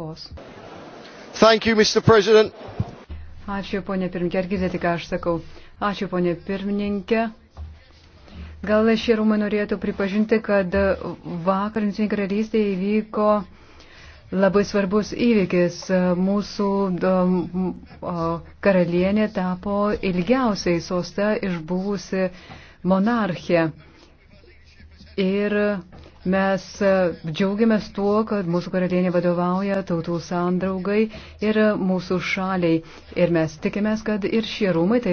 tvarkos. Thank you, Mr. President. Ačiū, ponė pirmininkė. Ar girdite, ką aš sakau? Ačiū, ponė pirmininkė. Gal šie rūmai norėtų pripažinti, kad vakar Jungtinė karalystė įvyko labai svarbus įvykis. Mūsų um, karalienė tapo ilgiausiai soste išbuvusi monarchė. Ir Mes e, džiaugiamės tuo, kad mūsų karalienė vadovauja tautų sandraugai ir e, mūsų šaliai. Ir mes tikimės, kad ir šie rūmai. Tai